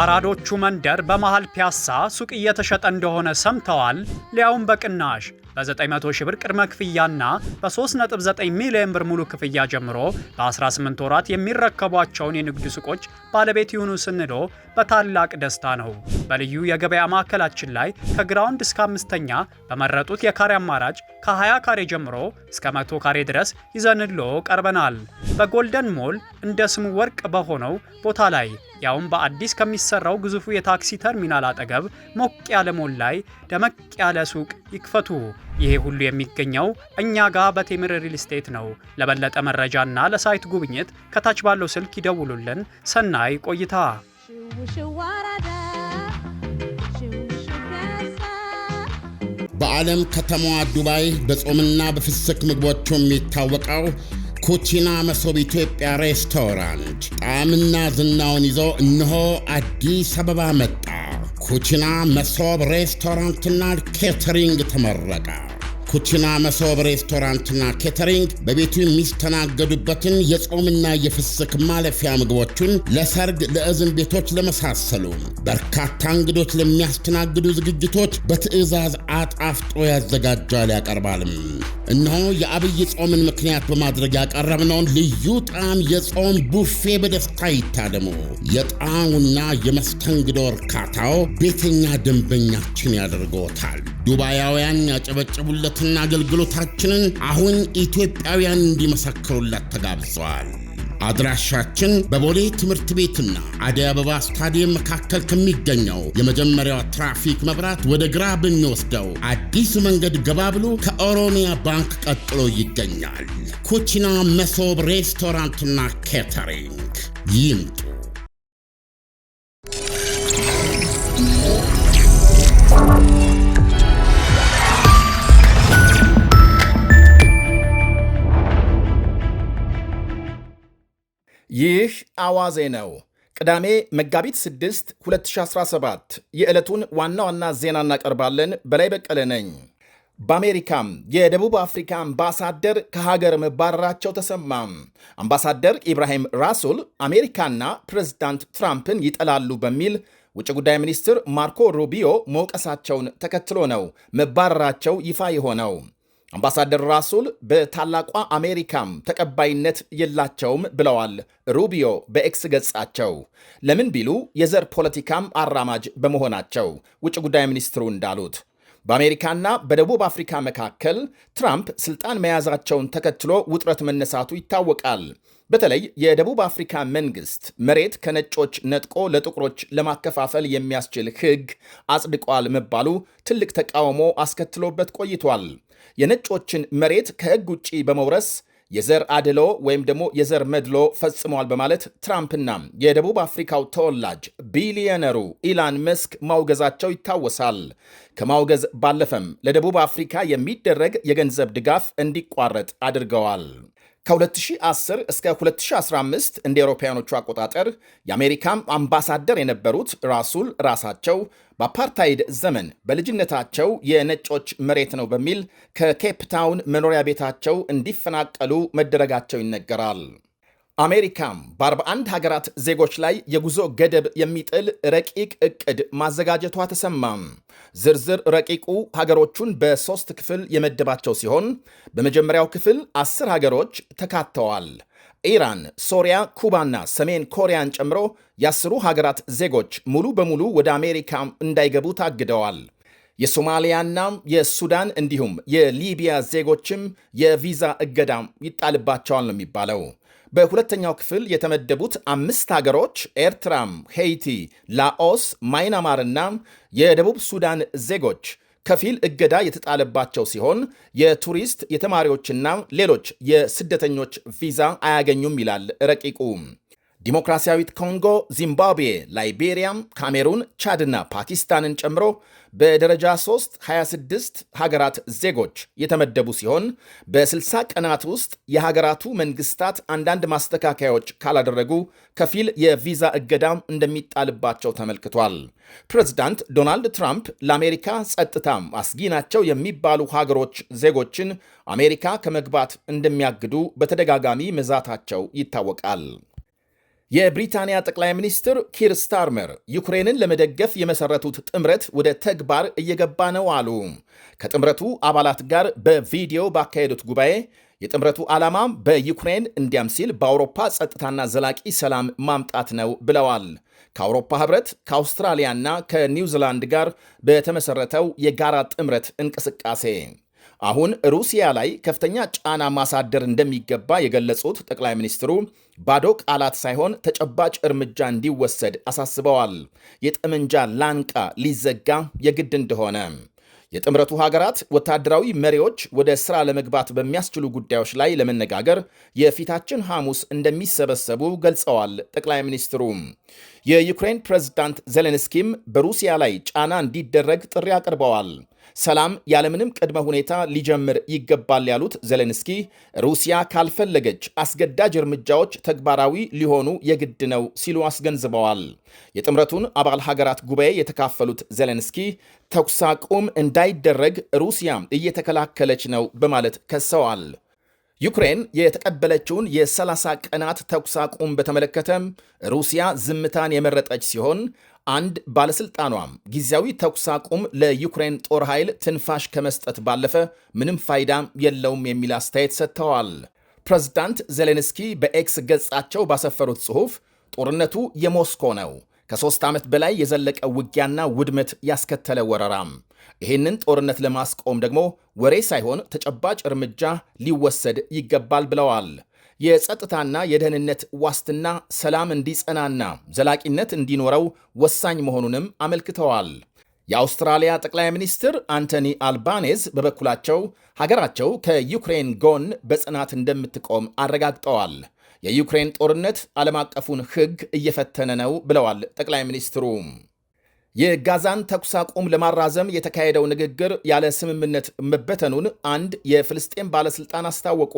አራዶቹ መንደር በመሃል ፒያሳ ሱቅ እየተሸጠ እንደሆነ ሰምተዋል? ሊያውም በቅናሽ በ900 ሺህ ብር ቅድመ ክፍያና በ3.9 ሚሊዮን ብር ሙሉ ክፍያ ጀምሮ በ18 ወራት የሚረከቧቸውን የንግድ ሱቆች ባለቤት ይሁኑ ስንሎ በታላቅ ደስታ ነው። በልዩ የገበያ ማዕከላችን ላይ ከግራውንድ እስከ አምስተኛ በመረጡት የካሬ አማራጭ ከ20 ካሬ ጀምሮ እስከ 100 ካሬ ድረስ ይዘንሎ ቀርበናል። በጎልደን ሞል እንደ ስሙ ወርቅ በሆነው ቦታ ላይ ያውም በአዲስ ከሚሰራው ግዙፉ የታክሲ ተርሚናል አጠገብ ሞቅ ያለ ሞል ላይ ደመቅ ያለ ሱቅ ይክፈቱ። ይሄ ሁሉ የሚገኘው እኛ ጋር በቴምር ሪል ስቴት ነው። ለበለጠ መረጃና ለሳይት ጉብኝት ከታች ባለው ስልክ ይደውሉልን። ሰናይ ቆይታ። በዓለም ከተማዋ ዱባይ በጾምና በፍስክ ምግቦቹ የሚታወቀው ኩቺና መሶብ ኢትዮጵያ ሬስቶራንት ጣዕምና ዝናውን ይዞ እነሆ አዲስ አበባ መጣ። ኩችና መሶብ ሬስቶራንትና ኬተሪንግ ተመረቀ። ኩችና መሶብ ሬስቶራንትና ኬተሪንግ በቤቱ የሚስተናገዱበትን የጾምና የፍስክ ማለፊያ ምግቦችን ለሰርግ፣ ለእዝን ቤቶች ለመሳሰሉ በርካታ እንግዶች ለሚያስተናግዱ ዝግጅቶች በትዕዛዝ አጣፍጦ ያዘጋጃል ያቀርባልም። እነሆ የአብይ ጾምን ምክንያት በማድረግ ያቀረብነውን ልዩ ጣዕም የጾም ቡፌ በደስታ ይታደሙ። የጣዕሙና የመስተንግዶ እርካታው ቤተኛ ደንበኛችን ያደርጎታል። ዱባያውያን ያጨበጨቡለትና አገልግሎታችንን አሁን ኢትዮጵያውያን እንዲመሰክሩለት ተጋብዘዋል። አድራሻችን በቦሌ ትምህርት ቤትና አደይ አበባ ስታዲየም መካከል ከሚገኘው የመጀመሪያው ትራፊክ መብራት ወደ ግራ በሚወስደው አዲስ መንገድ ገባ ብሎ ከኦሮሚያ ባንክ ቀጥሎ ይገኛል። ኩቺና መሶብ ሬስቶራንትና ኬተሪንግ ይምጡ። ይህ አዋዜ ነው። ቅዳሜ መጋቢት 6 2017 የዕለቱን ዋና ዋና ዜና እናቀርባለን። በላይ በቀለ ነኝ። በአሜሪካም የደቡብ አፍሪካ አምባሳደር ከሀገር መባረራቸው ተሰማም። አምባሳደር ኢብራሂም ራሱል አሜሪካና ፕሬዝዳንት ትራምፕን ይጠላሉ በሚል ውጭ ጉዳይ ሚኒስትር ማርኮ ሩቢዮ መውቀሳቸውን ተከትሎ ነው መባረራቸው ይፋ የሆነው። አምባሳደር ራሱል በታላቋ አሜሪካም ተቀባይነት የላቸውም ብለዋል ሩቢዮ በኤክስ ገጻቸው። ለምን ቢሉ የዘር ፖለቲካም አራማጅ በመሆናቸው ውጭ ጉዳይ ሚኒስትሩ እንዳሉት በአሜሪካና በደቡብ አፍሪካ መካከል ትራምፕ ስልጣን መያዛቸውን ተከትሎ ውጥረት መነሳቱ ይታወቃል። በተለይ የደቡብ አፍሪካ መንግስት መሬት ከነጮች ነጥቆ ለጥቁሮች ለማከፋፈል የሚያስችል ሕግ አጽድቋል መባሉ ትልቅ ተቃውሞ አስከትሎበት ቆይቷል። የነጮችን መሬት ከህግ ውጪ በመውረስ የዘር አድሎ ወይም ደግሞ የዘር መድሎ ፈጽመዋል በማለት ትራምፕና የደቡብ አፍሪካው ተወላጅ ቢሊየነሩ ኢላን መስክ ማውገዛቸው ይታወሳል። ከማውገዝ ባለፈም ለደቡብ አፍሪካ የሚደረግ የገንዘብ ድጋፍ እንዲቋረጥ አድርገዋል። ከ2010 እስከ 2015 እንደ አውሮፓውያኖቹ አቆጣጠር የአሜሪካም አምባሳደር የነበሩት ራሱል ራሳቸው በአፓርታይድ ዘመን በልጅነታቸው የነጮች መሬት ነው በሚል ከኬፕ ታውን መኖሪያ ቤታቸው እንዲፈናቀሉ መደረጋቸው ይነገራል። አሜሪካም በ41 ሀገራት ዜጎች ላይ የጉዞ ገደብ የሚጥል ረቂቅ እቅድ ማዘጋጀቷ ተሰማም። ዝርዝር ረቂቁ ሀገሮቹን በሦስት ክፍል የመደባቸው ሲሆን በመጀመሪያው ክፍል አስር ሀገሮች ተካተዋል። ኢራን፣ ሶሪያ፣ ኩባና ሰሜን ኮሪያን ጨምሮ የአስሩ ሀገራት ዜጎች ሙሉ በሙሉ ወደ አሜሪካ እንዳይገቡ ታግደዋል። የሶማሊያና የሱዳን እንዲሁም የሊቢያ ዜጎችም የቪዛ እገዳም ይጣልባቸዋል ነው የሚባለው። በሁለተኛው ክፍል የተመደቡት አምስት ሀገሮች ኤርትራም፣ ሄይቲ፣ ላኦስ፣ ማይናማርና የደቡብ ሱዳን ዜጎች ከፊል እገዳ የተጣለባቸው ሲሆን የቱሪስት የተማሪዎችና ሌሎች የስደተኞች ቪዛ አያገኙም ይላል ረቂቁ። ዲሞክራሲያዊት ኮንጎ፣ ዚምባብዌ፣ ላይቤሪያም፣ ካሜሩን፣ ቻድና ፓኪስታንን ጨምሮ በደረጃ 3 26 ሀገራት ዜጎች የተመደቡ ሲሆን በ60 ቀናት ውስጥ የሀገራቱ መንግስታት አንዳንድ ማስተካከያዎች ካላደረጉ ከፊል የቪዛ እገዳም እንደሚጣልባቸው ተመልክቷል። ፕሬዝዳንት ዶናልድ ትራምፕ ለአሜሪካ ጸጥታ አስጊ ናቸው የሚባሉ ሀገሮች ዜጎችን አሜሪካ ከመግባት እንደሚያግዱ በተደጋጋሚ መዛታቸው ይታወቃል። የብሪታንያ ጠቅላይ ሚኒስትር ኪር ስታርመር ዩክሬንን ለመደገፍ የመሰረቱት ጥምረት ወደ ተግባር እየገባ ነው አሉ። ከጥምረቱ አባላት ጋር በቪዲዮ ባካሄዱት ጉባኤ የጥምረቱ ዓላማ በዩክሬን እንዲያም ሲል በአውሮፓ ጸጥታና ዘላቂ ሰላም ማምጣት ነው ብለዋል። ከአውሮፓ ህብረት፣ ከአውስትራሊያና ከኒውዚላንድ ጋር በተመሰረተው የጋራ ጥምረት እንቅስቃሴ አሁን ሩሲያ ላይ ከፍተኛ ጫና ማሳደር እንደሚገባ የገለጹት ጠቅላይ ሚኒስትሩ ባዶ ቃላት ሳይሆን ተጨባጭ እርምጃ እንዲወሰድ አሳስበዋል። የጠመንጃ ላንቃ ሊዘጋ የግድ እንደሆነ የጥምረቱ ሀገራት ወታደራዊ መሪዎች ወደ ሥራ ለመግባት በሚያስችሉ ጉዳዮች ላይ ለመነጋገር የፊታችን ሐሙስ እንደሚሰበሰቡ ገልጸዋል። ጠቅላይ ሚኒስትሩ የዩክሬን ፕሬዝዳንት ዜሌንስኪም በሩሲያ ላይ ጫና እንዲደረግ ጥሪ አቅርበዋል። ሰላም ያለምንም ቅድመ ሁኔታ ሊጀምር ይገባል ያሉት ዘሌንስኪ ሩሲያ ካልፈለገች አስገዳጅ እርምጃዎች ተግባራዊ ሊሆኑ የግድ ነው ሲሉ አስገንዝበዋል። የጥምረቱን አባል ሀገራት ጉባኤ የተካፈሉት ዘሌንስኪ ተኩስ አቁም እንዳይደረግ ሩሲያ እየተከላከለች ነው በማለት ከሰዋል። ዩክሬን የተቀበለችውን የ30 ቀናት ተኩስ አቁም በተመለከተ ሩሲያ ዝምታን የመረጠች ሲሆን አንድ ባለሥልጣኗም ጊዜያዊ ተኩስ አቁም ለዩክሬን ጦር ኃይል ትንፋሽ ከመስጠት ባለፈ ምንም ፋይዳ የለውም የሚል አስተያየት ሰጥተዋል። ፕሬዝዳንት ዜሌንስኪ በኤክስ ገጻቸው ባሰፈሩት ጽሑፍ ጦርነቱ የሞስኮ ነው ከሦስት ዓመት በላይ የዘለቀ ውጊያና ውድመት ያስከተለ ወረራ። ይህንን ጦርነት ለማስቆም ደግሞ ወሬ ሳይሆን ተጨባጭ እርምጃ ሊወሰድ ይገባል ብለዋል። የጸጥታና የደህንነት ዋስትና ሰላም እንዲጸናና ዘላቂነት እንዲኖረው ወሳኝ መሆኑንም አመልክተዋል። የአውስትራሊያ ጠቅላይ ሚኒስትር አንቶኒ አልባኔዝ በበኩላቸው ሀገራቸው ከዩክሬን ጎን በጽናት እንደምትቆም አረጋግጠዋል። የዩክሬን ጦርነት ዓለም አቀፉን ሕግ እየፈተነ ነው ብለዋል ጠቅላይ ሚኒስትሩ። የጋዛን ተኩስ አቁም ለማራዘም የተካሄደው ንግግር ያለ ስምምነት መበተኑን አንድ የፍልስጤም ባለስልጣን አስታወቁ።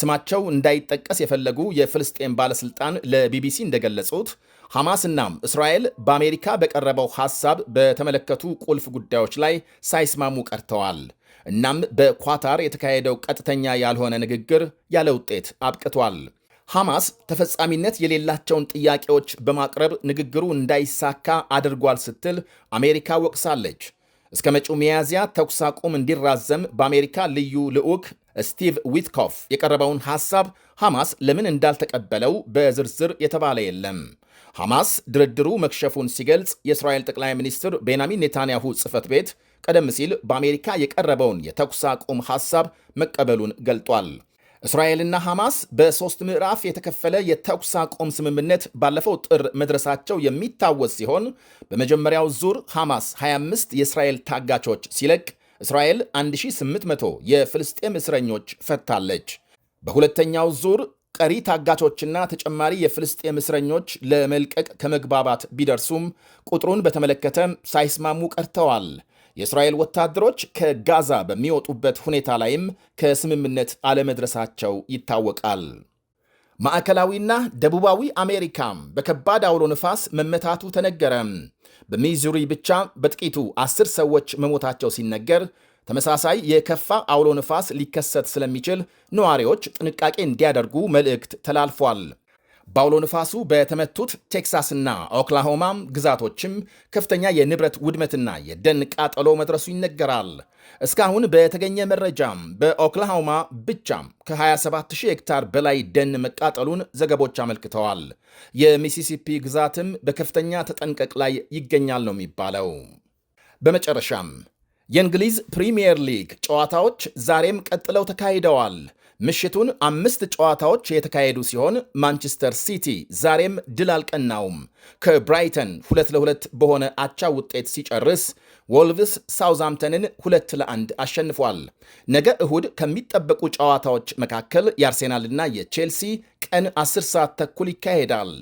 ስማቸው እንዳይጠቀስ የፈለጉ የፍልስጤም ባለስልጣን ለቢቢሲ እንደገለጹት ሐማስናም እስራኤል በአሜሪካ በቀረበው ሐሳብ በተመለከቱ ቁልፍ ጉዳዮች ላይ ሳይስማሙ ቀርተዋል። እናም በኳታር የተካሄደው ቀጥተኛ ያልሆነ ንግግር ያለ ውጤት አብቅቷል። ሐማስ ተፈጻሚነት የሌላቸውን ጥያቄዎች በማቅረብ ንግግሩ እንዳይሳካ አድርጓል ስትል አሜሪካ ወቅሳለች። እስከ መጪው ሚያዝያ ተኩስ አቁም እንዲራዘም በአሜሪካ ልዩ ልዑክ ስቲቭ ዊትኮፍ የቀረበውን ሐሳብ ሐማስ ለምን እንዳልተቀበለው በዝርዝር የተባለ የለም። ሐማስ ድርድሩ መክሸፉን ሲገልጽ የእስራኤል ጠቅላይ ሚኒስትር ቤንያሚን ኔታንያሁ ጽህፈት ቤት ቀደም ሲል በአሜሪካ የቀረበውን የተኩስ አቁም ሐሳብ መቀበሉን ገልጧል። እስራኤልና ሐማስ በሶስት ምዕራፍ የተከፈለ የተኩስ አቆም ስምምነት ባለፈው ጥር መድረሳቸው የሚታወስ ሲሆን በመጀመሪያው ዙር ሐማስ 25 የእስራኤል ታጋቾች ሲለቅ እስራኤል 1800 የፍልስጤም እስረኞች ፈታለች። በሁለተኛው ዙር ቀሪ ታጋቾችና ተጨማሪ የፍልስጤም እስረኞች ለመልቀቅ ከመግባባት ቢደርሱም ቁጥሩን በተመለከተ ሳይስማሙ ቀርተዋል። የእስራኤል ወታደሮች ከጋዛ በሚወጡበት ሁኔታ ላይም ከስምምነት አለመድረሳቸው ይታወቃል። ማዕከላዊና ደቡባዊ አሜሪካም በከባድ አውሎ ንፋስ መመታቱ ተነገረ። በሚዙሪ ብቻ በጥቂቱ አስር ሰዎች መሞታቸው ሲነገር ተመሳሳይ የከፋ አውሎ ንፋስ ሊከሰት ስለሚችል ነዋሪዎች ጥንቃቄ እንዲያደርጉ መልእክት ተላልፏል። በአውሎ ንፋሱ በተመቱት ቴክሳስና ኦክላሆማም ግዛቶችም ከፍተኛ የንብረት ውድመትና የደን ቃጠሎ መድረሱ ይነገራል። እስካሁን በተገኘ መረጃም በኦክላሆማ ብቻም ከ27000 ሄክታር በላይ ደን መቃጠሉን ዘገቦች አመልክተዋል። የሚሲሲፒ ግዛትም በከፍተኛ ተጠንቀቅ ላይ ይገኛል ነው የሚባለው። በመጨረሻም የእንግሊዝ ፕሪምየር ሊግ ጨዋታዎች ዛሬም ቀጥለው ተካሂደዋል። ምሽቱን አምስት ጨዋታዎች የተካሄዱ ሲሆን ማንቸስተር ሲቲ ዛሬም ድል አልቀናውም። ከብራይተን ሁለት ለሁለት በሆነ አቻ ውጤት ሲጨርስ ወልቭስ ሳውዝሃምፕተንን ሁለት ለአንድ አሸንፏል። ነገ እሁድ ከሚጠበቁ ጨዋታዎች መካከል የአርሴናልና የቼልሲ ቀን 10 ሰዓት ተኩል ይካሄዳል።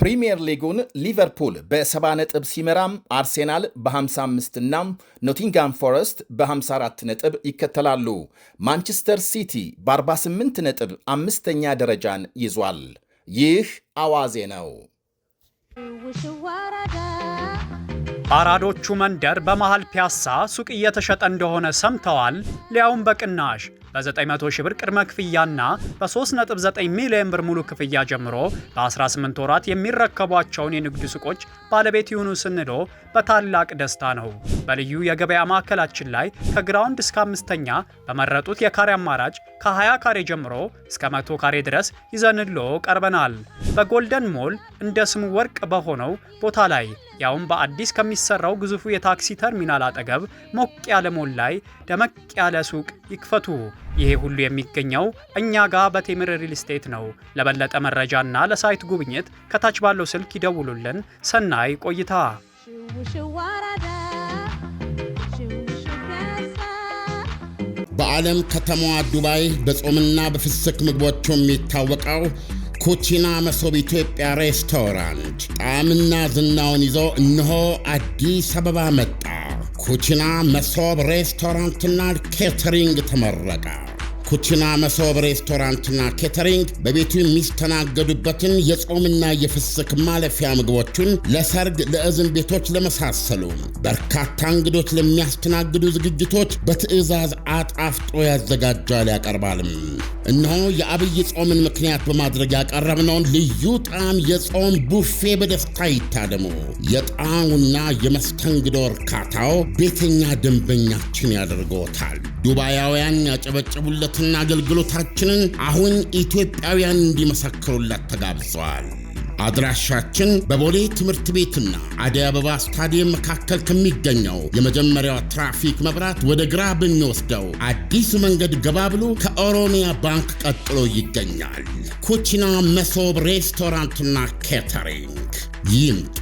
ፕሪምየር ሊጉን ሊቨርፑል በ70 ነጥብ ሲመራም አርሴናል በ55 እና ኖቲንጋም ፎረስት በ54 ነጥብ ይከተላሉ። ማንቸስተር ሲቲ በ48 ነጥብ አምስተኛ ደረጃን ይዟል። ይህ አዋዜ ነው። አራዶቹ መንደር በመሃል ፒያሳ ሱቅ እየተሸጠ እንደሆነ ሰምተዋል? ሊያውም በቅናሽ በ900 ሺህ ብር ቅድመ ክፍያና በ3.9 ሚሊዮን ብር ሙሉ ክፍያ ጀምሮ በ18 ወራት የሚረከቧቸውን የንግድ ሱቆች ባለቤት ይሁኑ ስንሎ በታላቅ ደስታ ነው። በልዩ የገበያ ማዕከላችን ላይ ከግራውንድ እስከ አምስተኛ በመረጡት የካሬ አማራጭ ከ20 ካሬ ጀምሮ እስከ 100 ካሬ ድረስ ይዘንሎ ቀርበናል። በጎልደን ሞል እንደ ስሙ ወርቅ በሆነው ቦታ ላይ ያውም በአዲስ ከሚሰራው ግዙፉ የታክሲ ተርሚናል አጠገብ ሞቅ ያለ ሞል ላይ ደመቅ ያለ ሱቅ ይክፈቱ። ይሄ ሁሉ የሚገኘው እኛ ጋር በቴምር ሪል ስቴት ነው። ለበለጠ መረጃና ለሳይት ጉብኝት ከታች ባለው ስልክ ይደውሉልን። ሰናይ ቆይታ በዓለም ከተማዋ ዱባይ በጾምና በፍስክ ምግቦቹ የሚታወቀው ኩቺና መሶብ ኢትዮጵያ ሬስቶራንት ጣዕምና ዝናውን ይዞ እነሆ አዲስ አበባ መጣ። ኩቺና መሶብ ሬስቶራንትና ኬተሪንግ ተመረቀ። ኩችና መሶብ ሬስቶራንትና ኬተሪንግ በቤቱ የሚስተናገዱበትን የጾምና የፍስክ ማለፊያ ምግቦችን ለሰርግ፣ ለእዝን ቤቶች ለመሳሰሉ በርካታ እንግዶች ለሚያስተናግዱ ዝግጅቶች በትዕዛዝ አጣፍጦ ያዘጋጃል ያቀርባልም። እነሆ የአብይ ጾምን ምክንያት በማድረግ ያቀረብነውን ልዩ ጣዕም የጾም ቡፌ በደስታ ይታደሙ። የጣዕሙና የመስተንግዶ እርካታው ቤተኛ ደንበኛችን ያደርጎታል። ዱባያውያን ያጨበጨቡለት ጥረትና አገልግሎታችንን አሁን ኢትዮጵያውያን እንዲመሰክሩላት ተጋብዘዋል። አድራሻችን በቦሌ ትምህርት ቤትና አደይ አበባ ስታዲየም መካከል ከሚገኘው የመጀመሪያው ትራፊክ መብራት ወደ ግራ በሚወስደው አዲስ መንገድ ገባ ብሎ ከኦሮሚያ ባንክ ቀጥሎ ይገኛል። ኩቺና መሶብ ሬስቶራንትና ኬተሪንግ ይምጡ።